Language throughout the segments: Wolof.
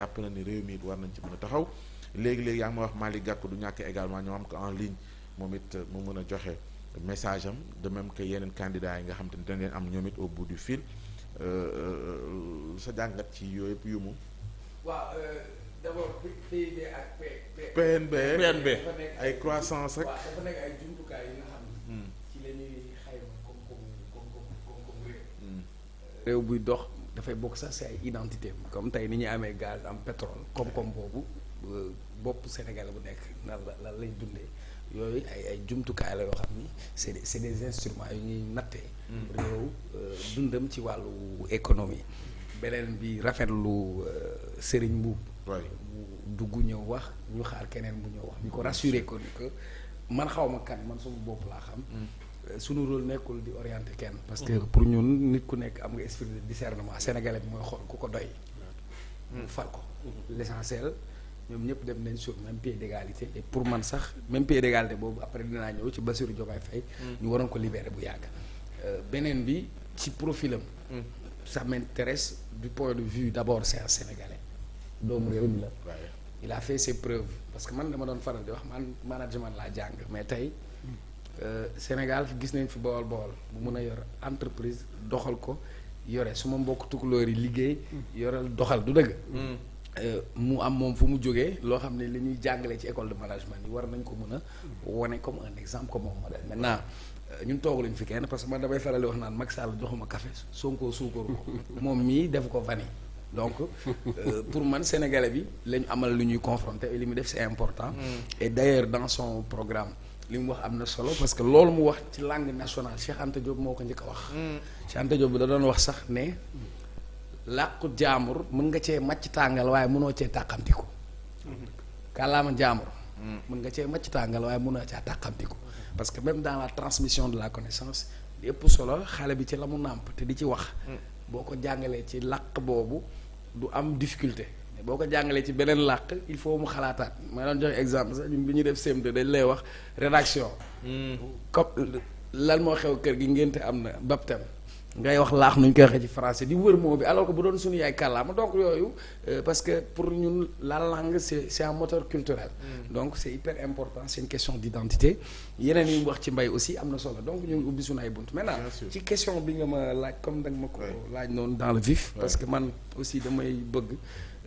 jàpp na ne réew mi it war nañ ci mën a taxaw léegi-léegi yaa ngi ma wax Malick Gakou du ñàkk également ñoo am ko en ligne moom it mu mën a joxe message am de même yeneen candidats yi nga xam te ne dañ leen am ñoom it au bout fil euh, euh, sa jàngat ci yooyu yëpp yu mu. waaw euh, PNB ay croissance hmm. ak. Hmm. réew buy dox. dafay bokk sax si ay identité comme tey ni ñuy amee gaz am pétrole koom-koom boobu euh, bopp Sénégal bu nekk na la lan lañ dundee yooyu ay ay jumtukaay la yoo xam ni c'est des des instruments yu ñuy nattee mm. réew euh, dundam ci wàllu économie beneen bi rafetlu euh, Serigne Mbuub mu dugg ñëw wax ñu xaar keneen bu ñëw wax ñu ko rassurer ko ni que man xaw ma kan man sama bopp laa xam mm. suñu rôle nekkul di orienter kenn. parce que mm-hmm. pour ñun nit ku nekk am nga esprit de discernement sénégalais bi mooy xool ku ko doy. mu mm-hmm. fal ko. Mm-hmm. l' ñoom ñëpp dem nañ sur même pied d' pour man sax même pied d' égalité boobu après dinaa ñëw ci Bassirou Diomaye Faye. ñu waroon ko libérer bu yàgg. Euh, beneen bi ci profilam. ça m' du point de vue d' abord c' est un doomu réew mi la. il a fait ses preuves parce que man dama doon faral di wax man management laa jàng mais tey. Mm. Euh, Sénégal gis nañ fi Bawol Bawol bu mun a yor entreprise doxal ko yore su ma mbokk tukulóor yi liggéey yoral doxal du dëgg mm. euh, mu am moom fu mu jógee loo xam ne li ñuy jàngale ci école de management yi war nañ ko mun a wane comme un exemple comme un modèle maintenant euh, ñun toog lañ fi kenn parce que man damay faral di wax naan Macky Sall joxuma café Sonko suukaru ko moom mii def ko vanille donc pour man sénégalais bi lañu amal lu ñuy confronter li mu def c'est important mm. et d'ailleurs programme li mu wax am na solo parce que loolu mu wax ci langue national Cheikh Anta moo ko njëkk a wax. Mm. Cheikh Anta Diop da doon wax sax ne làqu jaamur mën nga cee macc tàngal waaye munoo cee tàqamtiku. Mm-hmm. kàllaama jaamur. Mm. mën nga cee màcc tàngal waaye mënoo caa tàqamtiku. Mm-hmm. parce que même dans la transmission de la connaissance li ëpp solo xale bi ci la mu nàmp te di ci wax. Mm. boo ko jàngalee ci làq boobu du am difficulté. boo ko jàngalee ci beneen làkk il faut mu xalaataat ma doon joxe exemple sax bi ñu def CM2 dañ lay wax rédaction. Hmm. comme lan moo xew kër gi ngénte am na baptême ngay wax laax nu ñu koy waxee ci français di wër moo bi alors que bu doon suñu yaay kàllaama donc yooyu euh, parce que pour ñun la langue c'est c'est un moteur culturel. Hmm. donc c'est hyper important c'est une question d'identité yeneen yu mu wax ci mbay aussi am na solo donc ñu ngi ubbi suñu ay bunt. maintenant ci question bi nga ma laaj comme danga ma ko laaj noonu que man aussi damay bëgg.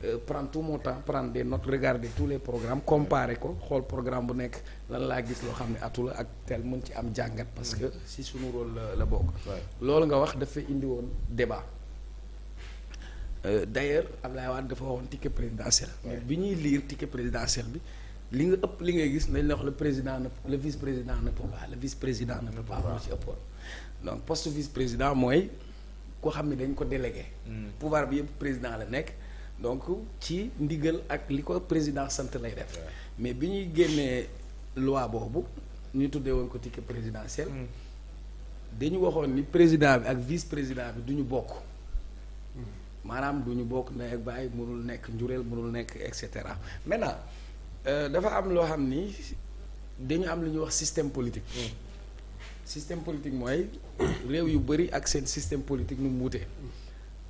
Euh, prendre tout mon temps prendre not notes regarder tous les programmes comparer ko xool programme bu nekk lan laa gis loo xam ne atu ak tel mën ci am jàngat parce que si sunu rôle la la bokk loolu nga wax dafa indi woon débat euh, d'ailleurs Abdoulaye Wade dafa waxoon ticket présidentiel mais bi ñuy lire ticket présidentiel bi li nga ëpp li ngay gis nañ la wax le président ne le vice président na peut pas le vice président na peut pas moo ci ëppoon vice président mooy koo xam ne dañ ko délégué hmm. pouvoir bi yëpp président la nekk donc ci ndigal ak li ko président sant lay def mais bi ñuy génnee loi boobu ñu tuddee woon ko ticket présidentiel mm. dañu waxoon ni président bi ak vice président bi du ñu bokk mm. maanaam du ñu bokk ndey ak baay mënul nekk njureel mënul nekk et cetera maintenant euh, dafa am loo xam ni dañu am lu ñuy wax système politique mm. système politique mooy réew yu bëri ak seen système politique nu mu wutee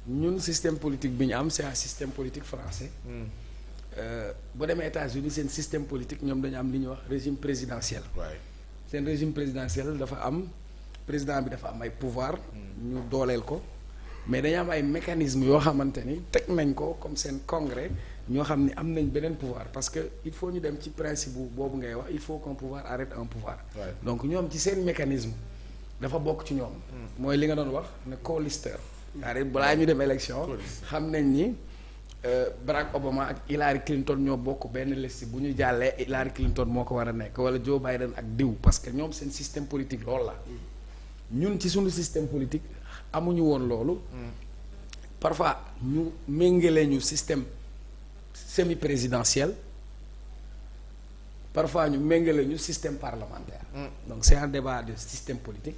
ñun système politique bi ñu am c'est un système politique français. Hmm. Euh, bu demee États-Unis seen système politique ñoom dañu am li ñuy wax régime présidentiel. seen régime présidentiel dafa am président bi dafa am ay pouvoir. Hmm. ñu dooleel ko mais dañu am ay mécanismes yoo xamante ni teg nañ ko comme seen congrès ñoo xam ni am nañ beneen pouvoir parce que il faut ñu dem ci principe boobu ngay wax il faut qu'un pouvoir arrête un pouvoir. donc ñoom ci seen mécanisme dafa bokk ci ñoom. Hmm. cest à balaa ñu dem élection xam nañ ni euh, Barack Obama ak Hillary Clinton ñoo bokk benn liste bu ñu jàllee Hillary Clinton moo ko war a nekk wala Joe Biden ak diw parce que ñoom seen système politique loolu la ñun ci suñu système politique amuñu woon loolu parfois ñu méngale ñu système semi présidentiel parfois ñu méngale ñu système parlementaire mm. donc c'est un débat de système politique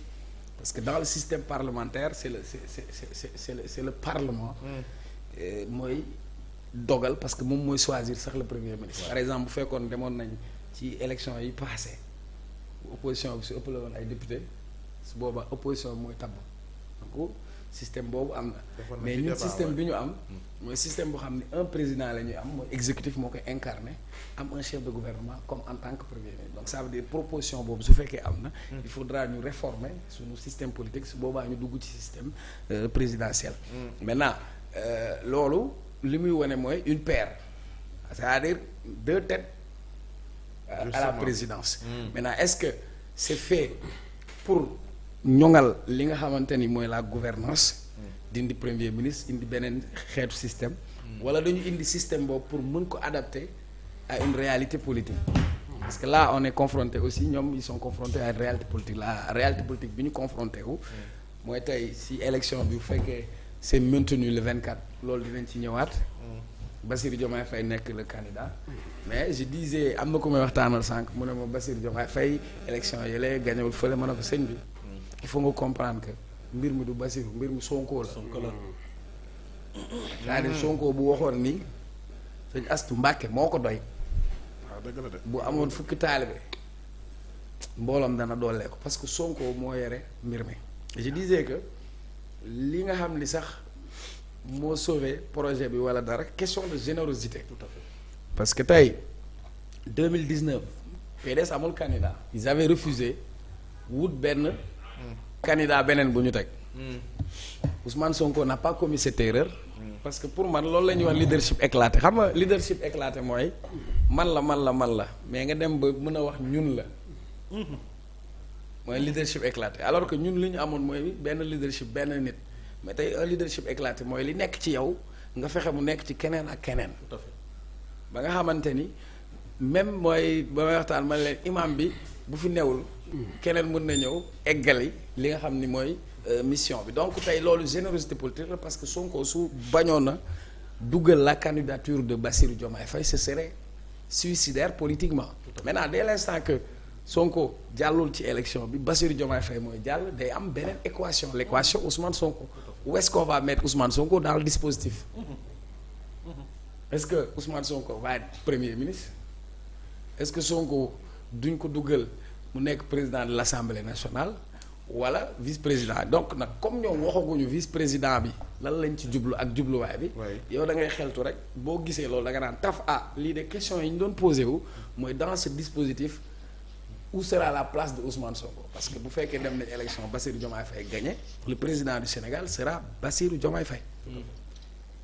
parce que dans le système parlementaire c'est le c'est c'est c'est le c'est le parlement. Mm. Eh, mooy dogal parce que moom mooy choisir sax le premier ministre. par exemple bu fekkoon demoon nañ ci élection yi passé opposition bi su ëppale woon ay député su boobaa opposition mooy tabb donc. système boobu am na mais ñun système bi ñu am hmm. mooy système boo xam ne un président la ñuy am mooy exécutif moo koy incarné am un chef de gouvernement comme en tant que premier ministre donc ça veut dire proposition boobu su fekkee am na hmm. il faudra ñu réformer suñu système politique su boobaa ñu dugg ci système euh, présidentiel hmm. maintenant euh, loolu li muy wane mooy une paire c'est-à-dire deux têtes euh, à la présidence maintenant est-ce que c'est fait pour ñoŋal li nga xamante ni mooy la gouvernance dindi premier ministre indi beneen xeetu système wala dañu indi système boobu pour mën ko adapter à une réalité politique parce que là on est confronté aussi ñoom ils sont confrontés à une réalité politique la réalité politique bi ñu confronté wu mooy tey si élection bi bu fekkee c'est maintenu le 24 loolu dinañ ci ñëwaat Bassirou Diomaye fay nekk le candidat mais je disais am na ku may waxtaanal sànq mu ne ma Bassirou Diomaye Faye élection yi la gañewul fële mën a ko sëñ bi il foo nga comprendre que mbir mi du Bassirou mbir mi sonkoo la. Sonko la mm. bu waxoon nii sëñ Astu Mbàkke moo ko doy. Ah, bu amoon fukki taalibe mbooloom dana doolee ko parce que Sonko moo yore mbir mi. je disais que li nga xam ni sax moo sauvé projet bi wala dara question de générosité. tout à parce que tey deux mille dix neuf PDS amul candidat. ils avaient refusé wut benn. kani candidat beneen bu ñu teg. Hmm. Ousmane Sonko n'a pas commis hmm. parce que pour man loolu la ñuy wax leadership éclaté xam nga leadership éclaté mooy man la man la man la mais nga dem ba mën a wax ñun la. Hmm. mooy leadership éclaté alors que ñun li ñu amoon mooy benn leadership benn nit mais tey un leadership éclaté mooy li nekk ci yow nga fexe mu nekk ci keneen ak keneen. ba nga xamante ni même mooy ba may waxtaan man leen imam bi bu fi newul. keneen mën na ñëw eggali li nga xam ni mooy euh, mission bi donc tey loolu générosité politique la parce que Sonko su bañoon na dugal la candidature de Bassirou Diomaye fay ce serait suicidaire politiquement maintenant dès l'instant que Sonko jàllul ci élection bi Bassirou Diomaye fay mooy jàll day am beneen équation l'équation Ousmane Sonko où est-ce va mettre Ousmane Sonko daal le dispositif est-ce que Ousmane Sonko va premier ministre est-ce que Sonko duñ ko dugal mu nekk président la l'Assemblée nationale wala vice président donc nag comme ñoom waxaguñu vice président bi lan lañ ci jublu ak jubluwaay bi. yow da ngay xeltu rek boo gisee loolu da nga naan taf a ah, lii de question yi ñu doon posé wu mooy dans ce dispositif. où sera la place de Ousmane Sonko parce que bu fekkee dem nañ élection Bassirou Diomaye Faye gagné le président du Sénégal sera Bassirou Diomaye Faye.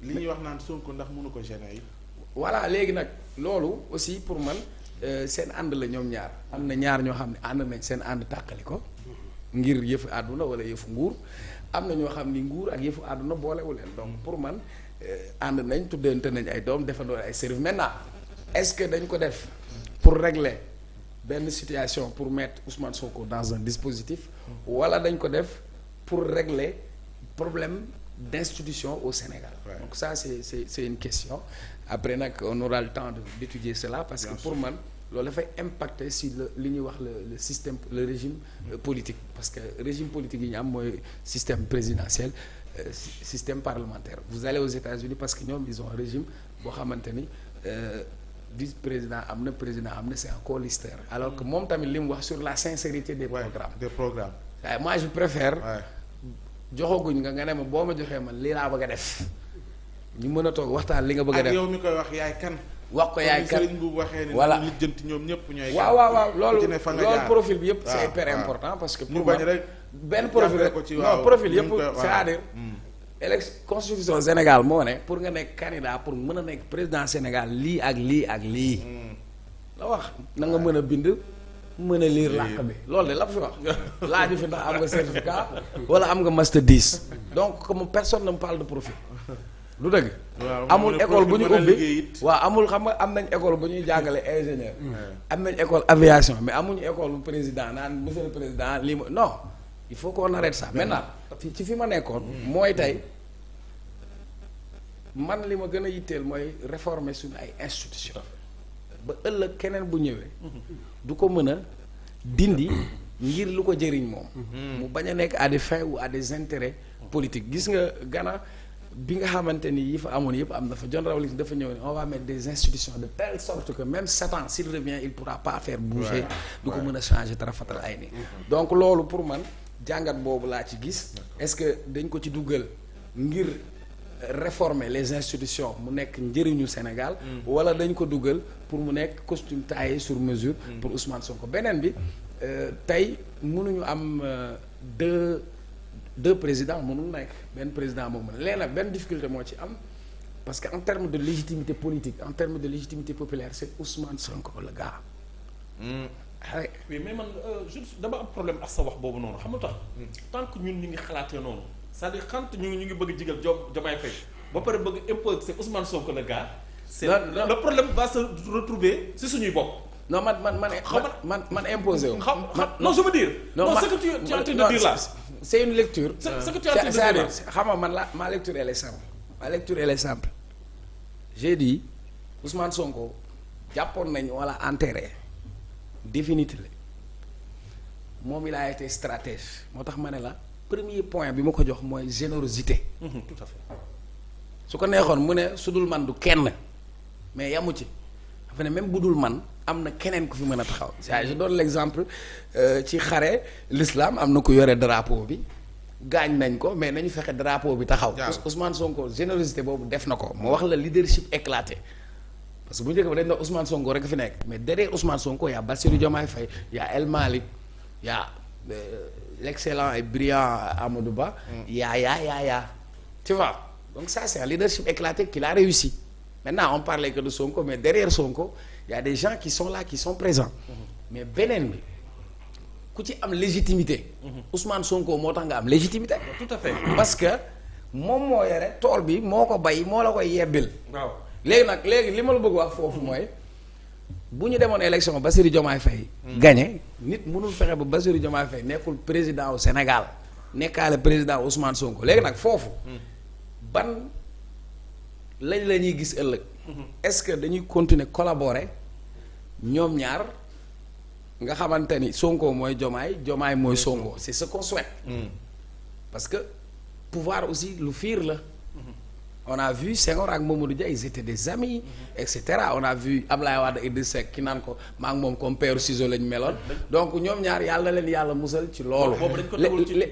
li ñuy wax naan Sonko ndax mënu ko gêner yi. voilà léegi nag loolu aussi pour man. Euh, seen ànd la ñoom ñaar am na ñaar ñoo xam ne ànd nañ seen ànd tàqali ko ngir yëfu àdduna wala yëfu nguur am na ñoo xam ni nguur ak yëfu àdduna boolewu leen donc pour man euh, ànd nañ tuddante nañ ay doom defandoo ay services maintenant est-ce que dañ ko def pour régler benn situation pour mettre Ousmane Sonko dans un dispositif wala dañ ko def pour régler problème d'institutions au Sénégal. Ouais. donc ça c'est une question après nag on aura le temps de d'étudier cela parce que sûr. pour man loolu dafay impacter si li ñuy wax le le système le régime euh, politique parce que régime politique yi ñu am mooy système présidentiel euh, système parlementaire vous allez aux États-Unis parce que ñoom ils ont régime boo xamante ni vice euh, président am na président am na c'est un co-listeur alors que moom tamit li mu wax sur la sincérité des ouais, programmes des programmes. joxaguñ nga nga ne ma boo ma joxee ma li laa bëgg a def ñu mën a toog waxtaan li nga bëgg a def ak yow mi koy wax yaay kan. wax ko yaay kan bu waxee ne voilà ñu jënt ñoom ñëpp ñooy. waaw waaw waaw loolu loolu profil bi yëpp c'est hyper important parce que. pour bañ rek benn profil rek non profil yëpp c'est-à-dire. Mm. constitution Sénégal moo ne pour nga nekk candidat pour mën a nekk président Sénégal lii ak lii ak lii. Mm. la wax na nga mën a bind. mën a lii làkk bi eh, loolu de la fi wax laaju fi ndax am nga certificat wala am nga master diis donc comme personne ne me parle de profit lu dëgg amul école bu ñu ubbi waaw amul xam nga am nañ école bu ñuy jàngale ingénieur mm. am nañ école aviation mais amuñu école président naan monsieur le président lii ma non il faut qu'on arrête ça maintenant ci fi ma nekkoon mm. mooy tey man li ma gën a yitteel mooy réformer suñu ay institution ba ëllëg keneen bu ñëwee mm-hmm. du ko mën a dindi ngir lu ko jëriñ moom. mu bañ a nekk à des fins ou à des intérêts politiques gis nga Ghana bi nga xamante ni yi fa amoon yëpp am na fa John Rawlings dafa ñëw ne on va mettre des institutions de telle sorte que même Satan s'il revient il pourra pas faire bouger du ko mën a changer dara fatal ay ni donc loolu pour man jàngat boobu laa ci gis est-ce que dañ ko ci duggal ngir réformer les institutions mu nekk njëriñu Sénégal. Mm. wala dañ ko dugal pour mu nekk costume taillé sur mesure. Mm. pour Ousmane ko beneen bi euh, tey mënuñu am euh, deux deux présidents mënul nekk benn président moom mën léegi nag benn difficulté moo ci am. parce que en termes de légitimité politique en terme de légitimité populaire c'est Ousmane Sonko le gars. Mm. oui mais man euh, dama am problème ak sa wax boobu noonu xam nga tax. tant que ñun ñu ngi xalaatee noonu. c'est-à-dire quand ñu ñu ngi bëgg jigal jom Diomaye Faye ba pare bëgg imposer c'est Ousmane Sonko le gars. c'est le problème va se retrouver si suñuy bopp. non man man man man man imposé wu. non je veux dire. non ce que tu tu es en train de dire là. c'est une lecture. ce que tu es en train de dire là xam nga man la ma lecture elle est simple. ma lecture elle est simple. j'ai dit Ousmane Sonko jàppoon nañu wala enterré définitivement moom il a été stratège moo tax ma ne la. premier point bi ma ko jox mooy générosité. Mhm, tout su ko neexoon mu ne su dul man du kenn mais yamu ci dafa ne même bu dul man am na keneen ku fi mën a taxaw saa je donne l' exemple euh, ci xare l'islam am na ku yore drapeau bi gaañ nañ ko mais nañu fexe drapeau bi taxaw. Ousmane Sonko générosité boobu def na ko moo wax la leadership éclaté. parce que bu njëkk ba dañ ne Ousmane Sonko rek fi nekk mais derrière Ousmane Sonko y' a Bassirou Diomaye Faye y' a El Malick yaa euh, l'excellent et brillant Amadou Ba. Mm. yaa yaa yaa yaa donc ça c'est un leadership éclaté qu'il a réussi maintenant on parlait que de Sonko mais derrière Sonko y a des gens qui sont là qui sont présents. Mm-hmm. mais beneen bi ku ci am légitimité. Mm-hmm. Ousmane Sonko moo tax nga am légitimité. tout à fait parce que moom moo yore tool bi moo ko bay moo la koy yebbil. waaw léegi nag léegi li ma la bëgg wax foofu mooy. bu ñu demoon élection Bassirou Diomaye Faye hmm. gagné nit mënul fexe ba Bassirou Diomaye fay nekkul président wu Sénégal nekkaale président Ousmane Sonko léegi nag foofu hmm. ban lañ la ñuy gis ëllëg hmm. est-ce que dañuy continuer collaborer ñoom ñaar nga xamante ni Sonko mooy Diomaye Diomaye mooy Sonko c'est ce qu'on souhaite que pouvoir aussi lu fiir la on a vu Senghor ak Mamadou Dia ils étaient des amis et cetera on a vu Ablaye Wade Idriss Seck ki naan ko maa moom comme siso ciseau lañ meloon donc ñoom ñaar yàlla leen yàlla musal ci loolu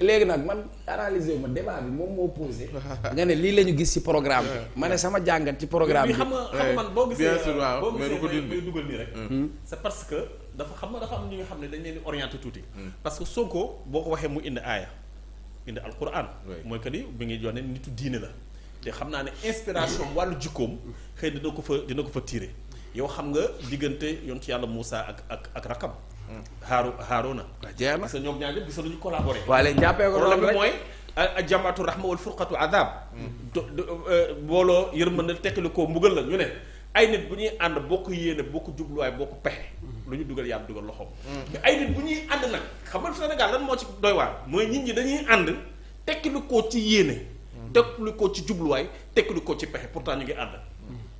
léegi nag man analyser ma débat bi moom moo posé nga ne lii la ñu gis ci programme bi ma ne sama jàngat ci programme bi xam nga man boo gisee boo dugal nii rek hmm. c'est parce que dafa xam nga dafa am ñi nga xam ne dañ leen di orienté tuuti hmm. parce que Sonko boo ko waxee mu indi aaya indi alquran mooy que ni bi ngi yone nitu diine la te xam naa ne inspiration wàllu jikkoom xëy dina ko fa dina ko fa tiire yow xam nga diggante yoon ci yàlla Moussa ak ak ak rakam. Haaru Haaruna. waaw jéem parce que ñoom ñaar ñëpp gis nañu collaborer. waaw léegi jàppee ko loolu mooy. jamaatu rahma wal furqatu adab. do e, booloo yërmande teqali ko mbugal la ñu ne. ay nit bu ñuy ànd bokk yéene bokk jubluwaay bokk pexe. lu ñu dugal yàlla dugal loxoom. Mm. mais ay nit bu ñuy ànd nag xam nga Sénégal lan moo ci doy waar mooy nit ñi dañuy ànd teqali ko ci yéene. tekklu ko ci jubluwaay tekklu ko ci pexe pourtant ñu ngi ànd.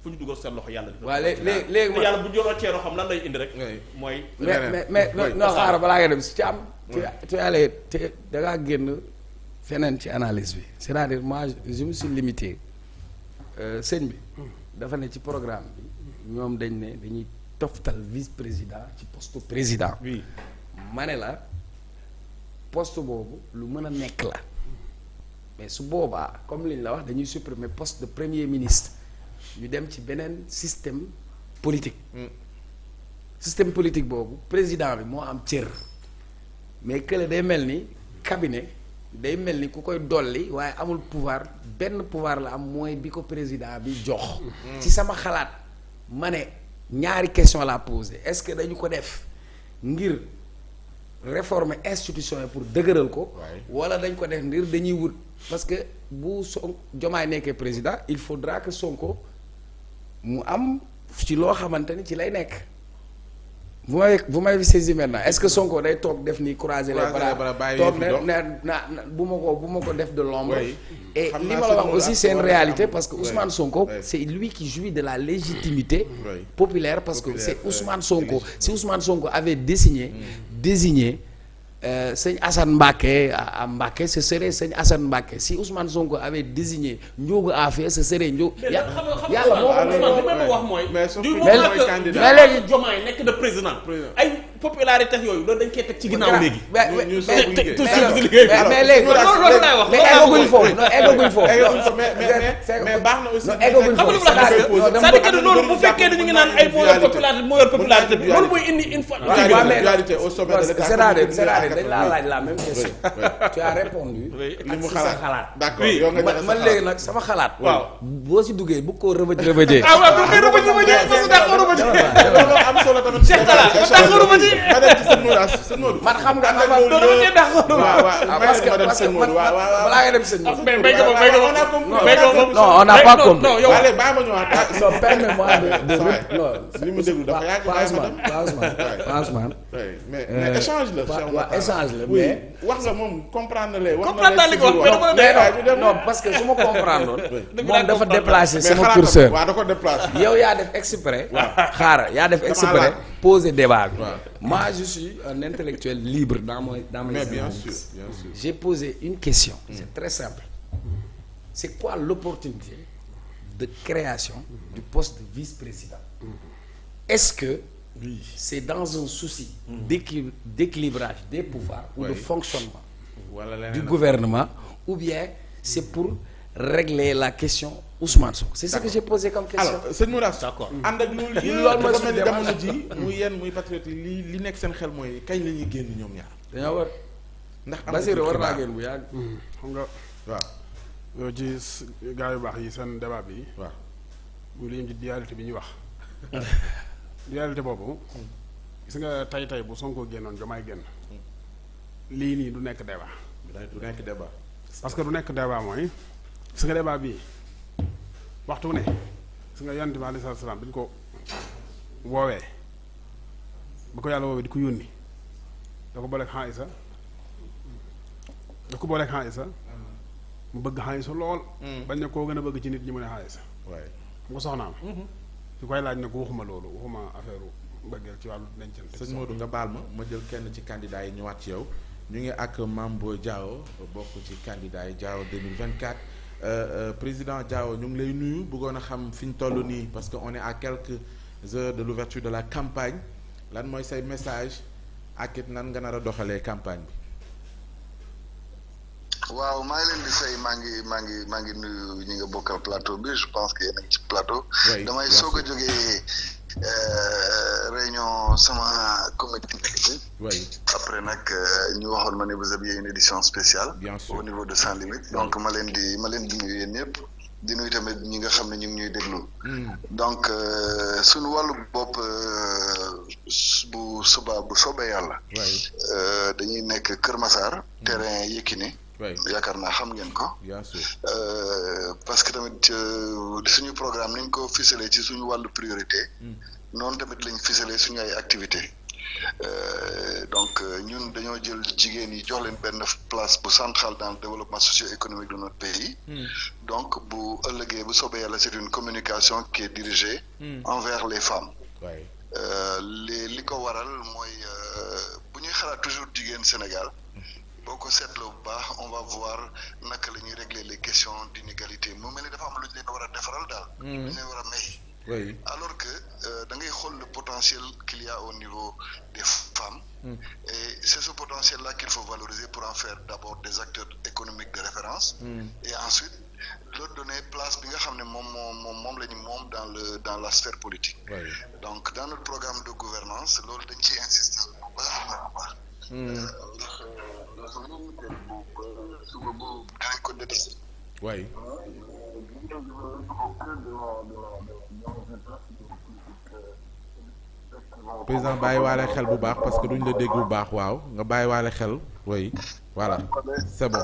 fu ñu dugal seen loxo yàlla di. waaw léegi léegi léegi man yàlla bu ñu doon ceeroo xam lan lay indi rek. mooy. mais mais non xaaral balaa ngay dem si ci am. tu tu allé te da génn feneen ci analyse bi c'est-à-dire moi je me suis limité euh, sëñ bi. dafa ne ci programme bi ñoom dañ ne dañuy toftal vice président ci poste président. oui ma ne la poste boobu lu mën a nekk la. mais su boobaa comme li ñu la wax dañuy supprimer poste de premier ministre ñu dem ci beneen système politique. Mm. système politique boobu président bi moo am cër mais kële day mel ni cabinet day mel ni ku koy dolli waaye amul pouvoir benn pouvoir la am mooy bi ko président bi jox. Mm. ci sama xalaat ma ne ñaari question la posé est-ce que dañu ko def ngir réformer institution yi pour dëgëral ko. wala dañ ko def ngir dañuy wut. parce que bu son jomaay nekkee président il faudra que Sonko mu am ci loo xamante ni ci lay nekk. bu may bu may saisi maintenant est-ce que Sonko day toog def ni croiser les bras bu ma ko bu ma ko def de l'ombre et li ma la wax aussi c'est réalité parce que Ousmane Sonko c'est lui qui jouit de la légitimité populaire parce que c'est Ousmane Sonko si Ousmane Sonko avait désigné mm. désigné Euh, sëñ Assane Mbacké à, à Mbacké ce serait sëñ Assane Mbacké si Ousmane Sonko avait désigné Ndiogou Afia ce serait Ndiogou. yàlla yàlla moo ko wax mooy. mais mais léegi Diomaye nekk de président popularité yooyu loolu dañ koy ci ginnaaw léegi. ñu mais léegi loolu laay wax. mais eggaguñ foofu foofu. mais baax na foofu c'est-à-dire loolu bu fekkee dañu ngi naan ay moo popularité moo yor popularité bi mooy indi une fois. popularité au sommet de l'État. c'est-à-dire c'est-à-dire dañ laa laaj la même question. tu as répondu. ak si sa xalaat. d'accord yow nga joxe sa xalaat man léegi nag sama xalaat. waaw boo si duggee ah bu ko rëbëj ah, rëbëjee. ah waaw rëbëjee loolu am solo tamit. ma dem man xam nga xam nga moom béykat moom non on wax nga moom comprendre la. comprendre su ma comprendre woon. moom dafa déplacé sama curseur. waaw da yow yaa def exprès. waaw xaaral yaa def exprès. poser des bi. moi je suis un intellectuel libre dans mon dans mais bien sûr j'ai posé une question. Mm. c'est très simple. c'est quoi l'opportunité de création du poste de vice-président. Mm. est-ce que. Oui. c'est dans un souci mm. d'équilibrage des pouvoirs ou oui. de fonctionnement voilà, du gouvernement ou bien c'est pour régler la question Ousmane Sonko. c'est ce que j'ai posé comme question. alors sëñ Mourass. d'accord ànd ak yéen muy patriote yi li li nekk seen xel mooy kañ la ñuy génn ñoom ñaar. dañoo war ndax am Basirou war naa bu yàgg. Hmm, xam nga waaw. yow ci gars yu baax yi seen débat bi. waaw muy li ñu bi ñuy wax. dualité boobu. gis nga tay tay bu Sonko génnoon Diomaye génn. lii nii du nekk débat. du nekk débat. parce que du nekk débat mooy. gis nga débat bii. waxtu ne su nga yonent bi alayhi salaatu salaam bi ko woowee bu ko yàlla woowee di ko yónni da ko booleeg xan isa da ko booleeg xan isa mu bëgg xan isa lool mm. bañ ne koo gën a bëgg ci nit ñi mu ne xan isa mu ko soxnaam su mm-hmm. koy laaj ne ko waxuma loolu waxuma affaire mbëggeel ci wàllu dencante sëñ Modou nga baal ma ma jël kenn ci candidat yi ñu ñëwaat ci yow ñu ngi ak Mame Boye Diao bokk ci candidat yi Diao 2024 Euh, euh, président Diao ñu ngi lay nuyu bëggoon a xam fi ñu toll nii parce que on est à quelques heures de l'ouverture de la campagne lan mooy say message ak nan nga nar a doxalee campagne bi. waaw maa leen di say maa ngi maa ngi maa ngi nuyu ñu nga bokkal plateau bi je pense que yéen ci plateau. damay soog a jógee. Euh, réunion sama comité oui après nag euh, ñu waxoon ma ne vous aviez une édition spéciale. au niveau de Sans Limites. donc ma leen di ma leen di nuyu yéen ñëpp. di tamit ñi nga xam ne ñu ngi ñuy déglu. Hmm. donc euh, suñu wàllu bopp bu subaa bu soobee yàlla. dañuy nekk Kër Massar. Hmm. terrain Yékini. yaakaar naa xam ngeen ko. Euh, parce que tamit euh, suñu programme niñ ko ficelé ci suñu wàllu priorité. Hmm. noonu tamit lañ ficelé suñu ay activité euh, donc ñun dañoo jël jigéen yi jox benn place bu centrale dans le développement socio-économique de notre pays. Hmm. donc bu ëllëgee bu soobee yàlla c'est une communication qui est dirigée. Hmm. envers les femmes. li li ko waral mooy bu ñuy xalaat toujours jigéen Sénégal. boo ko seetloo bu ba on va voir naka la ñuy régler les questions d'inégalité mu mel ni dafa am lu ñu leen war a defaral daal. Hmm. lu ñu leen war a may. alors que euh, da ngay xool le potentiel qu'il y au niveau des femmes. Mm. et c'est ce potentiel là qu'il faut valoriser pour en faire d'abord des acteurs économiques de référence. Mm. et ensuite leur donner place bi nga xam ne moom moom moom la moom dans le dans la sphère politique. Oui. donc dans notre programme de gouvernance loolu dañ ciy insister Oui. président bàyyi waale xel bu baax parce que duñ la dégg bu baax waaw nga bàyyi waale xel oui voilà c'est bon.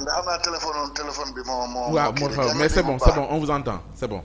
bi moo xaw mais c'est bon c'est bon on vous entend c'est bon.